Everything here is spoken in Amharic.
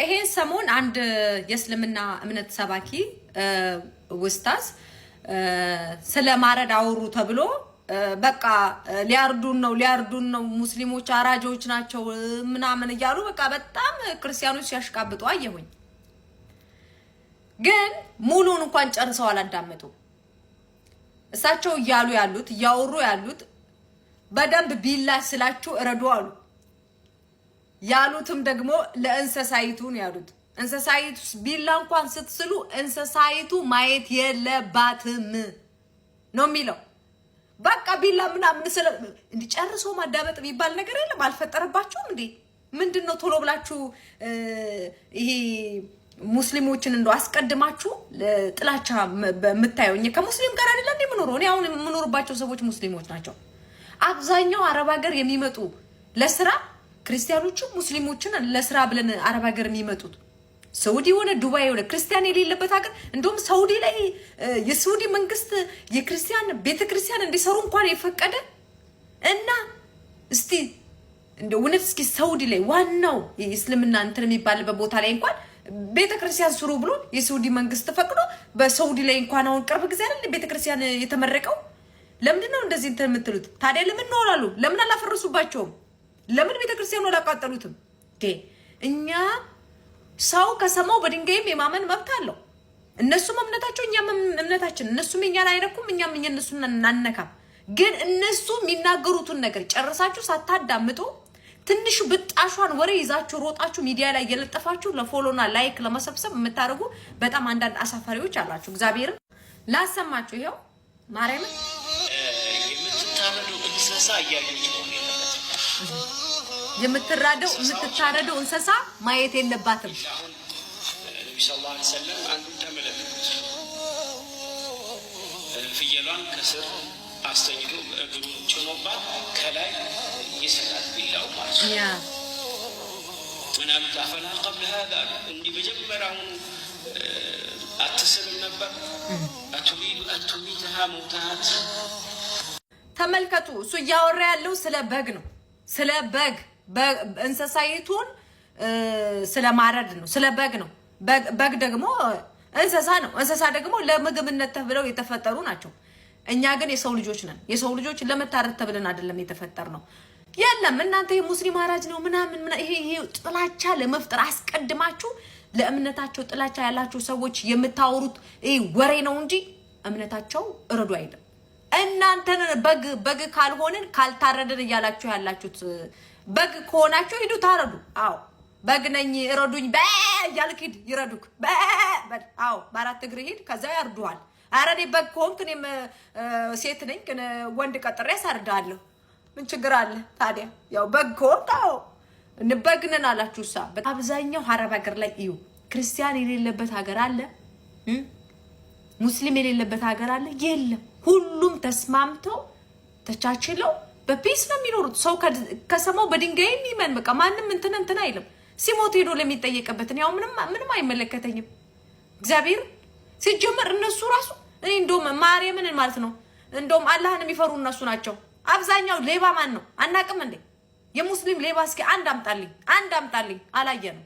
ይሄን ሰሞን አንድ የእስልምና እምነት ሰባኪ ውስታዝ ስለ ማረድ አወሩ ተብሎ በቃ ሊያርዱን ነው ሊያርዱን ነው ሙስሊሞች አራጆች ናቸው ምናምን እያሉ በቃ በጣም ክርስቲያኖች ሲያሽቃብጡ አየሁኝ። ግን ሙሉን እንኳን ጨርሰው አላዳመጡ። እሳቸው እያሉ ያሉት እያወሩ ያሉት በደንብ ቢላ ስላችሁ እረዱ አሉ። ያሉትም ደግሞ ለእንሰሳይቱ ነው ያሉት። እንሰሳይቱ ቢላ እንኳን ስትስሉ እንሰሳይቱ ማየት የለባትም ነው የሚለው። በቃ ቢላ ምናምን ስለ እንዲጨርሶ ማዳመጥ የሚባል ነገር የለም። አልፈጠረባችሁም እንዴ? ምንድን ነው ቶሎ ብላችሁ ይሄ ሙስሊሞችን እንደ አስቀድማችሁ ጥላቻ በምታየው እኛ ከሙስሊም ጋር አይደለም እንዴ የምኖረው? እኔ አሁን የምኖርባቸው ሰዎች ሙስሊሞች ናቸው። አብዛኛው አረብ ሀገር የሚመጡ ለስራ ክርስቲያኖቹ ሙስሊሞችን ለስራ ብለን አረብ ሀገር የሚመጡት ሰውዲ የሆነ ዱባይ የሆነ ክርስቲያን የሌለበት ሀገር እንደውም ሰውዲ ላይ የሰውዲ መንግስት የክርስቲያን ቤተክርስቲያን እንዲሰሩ እንኳን የፈቀደ እና እስቲ እንደ እውነት እስኪ ሰውዲ ላይ ዋናው የእስልምና እንትን የሚባልበት ቦታ ላይ እንኳን ቤተክርስቲያን ስሩ ብሎ የሰውዲ መንግስት ፈቅዶ በሰውዲ ላይ እንኳን አሁን ቅርብ ጊዜ አይደል ክርስቲያን የተመረቀው? ለምንድን ነው እንደዚህ እንትን የምትሉት ታዲያ? ለምን ነው አላሉ? ለምን አላፈረሱባቸውም? ለምን ክርስቲያኑ አላቃጠሉትም? እኛ ሰው ከሰማው በድንጋይም የማመን መብት አለው። እነሱም እምነታቸው እኛም እምነታችን። እነሱም እኛን አይነኩም፣ እኛም እኛ እነሱን እናነካም። ግን እነሱ የሚናገሩትን ነገር ጨርሳችሁ ሳታዳምጡ ትንሹ ብጣሿን ወሬ ይዛችሁ ሮጣችሁ ሚዲያ ላይ እየለጠፋችሁ ለፎሎና ላይክ ለመሰብሰብ የምታደርጉ በጣም አንዳንድ አሳፋሪዎች አላችሁ። እግዚአብሔርን ላሰማችሁ ይኸው ማርያምን የምትታመዱ እንስሳ እያዩ የምትራደው የምትታረደው እንስሳ ማየት የለባትም። ፍየሏን ከስር አስተኝቶ እግሩ ጭኖባት ከላይ ቢላው ማለት ነው። ቀብል ሀዛ እንዲህ መጀመሪያውን አትስልም ነበር። አቱሪዱ አቱሚትሃ መውታት ተመልከቱ። እሱ እያወራ ያለው ስለ በግ ነው። ስለ በግ እንስሳይቱን ስለ ማረድ ነው። ስለ በግ ነው። በግ ደግሞ እንስሳ ነው። እንስሳ ደግሞ ለምግብነት ተብለው የተፈጠሩ ናቸው። እኛ ግን የሰው ልጆች ነን። የሰው ልጆች ለመታረድ ተብለን አይደለም የተፈጠር ነው። የለም እናንተ የሙስሊም አራጅ ነው ምናምን ይሄ ይሄ ጥላቻ ለመፍጠር አስቀድማችሁ ለእምነታቸው ጥላቻ ያላችሁ ሰዎች የምታወሩት ይሄ ወሬ ነው እንጂ እምነታቸው እረዱ አይደለም። እናንተን በግ በግ ካልሆንን ካልታረድን እያላችሁ ያላችሁት በግ ከሆናችሁ ሂዱ ታረዱ። አዎ በግ ነኝ እረዱኝ በ እያልክ ሂድ ይረዱክ። አዎ በአራት እግር ሂድ፣ ከዛ ያርዱሃል። ኧረ እኔ በግ ከሆንክ እኔም ሴት ነኝ ግን ወንድ ቀጥሬ ያሳርዳለሁ። ምን ችግር አለ ታዲያ? ያው በግ ከሆንክ አዎ እንበግነን አላችሁ ሳ አብዛኛው ሀረብ ሀገር ላይ እዩ ክርስቲያን የሌለበት ሀገር አለ ሙስሊም የሌለበት ሀገር አለ የለም። ሁሉም ተስማምተው ተቻችለው በፒስ ነው የሚኖሩት። ሰው ከሰማው በድንጋይ የሚመን በቃ ማንም እንትን እንትን አይልም። ሲሞት ሄዶ ለሚጠየቅበትን ያው ምንም አይመለከተኝም። እግዚአብሔር ሲጀመር እነሱ ራሱ እኔ እንደውም ማርያምን ማለት ነው እንደውም አላህን የሚፈሩ እነሱ ናቸው። አብዛኛው ሌባ ማን ነው አናቅም እንዴ? የሙስሊም ሌባ እስኪ አንድ አምጣልኝ፣ አንድ አምጣልኝ። ነው?